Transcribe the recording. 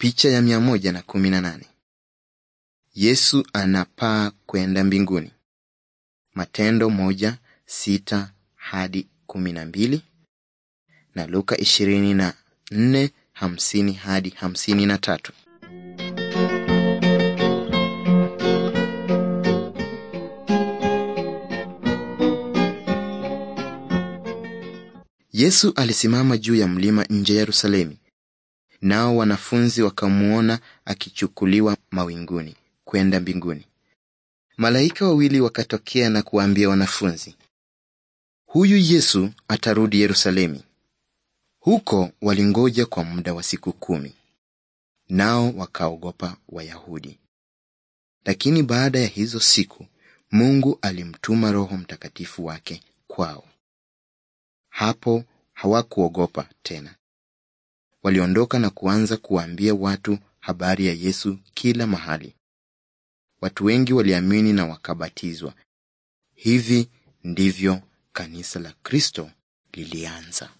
Picha ya mia moja na kumi na nane. Yesu anapaa kwenda mbinguni. Matendo moja sita hadi kumi na mbili na Luka ishirini na nne hamsini hadi hamsini na tatu. Yesu alisimama juu ya mlima nje ya Yerusalemu nao wanafunzi wakamwona akichukuliwa mawinguni kwenda mbinguni. Malaika wawili wakatokea na kuwaambia wanafunzi, huyu Yesu atarudi Yerusalemu. Huko walingoja kwa muda wa siku kumi, nao wakaogopa Wayahudi. Lakini baada ya hizo siku Mungu alimtuma Roho Mtakatifu wake kwao. Hapo hawakuogopa tena waliondoka na kuanza kuwaambia watu habari ya Yesu kila mahali. Watu wengi waliamini na wakabatizwa. Hivi ndivyo kanisa la Kristo lilianza.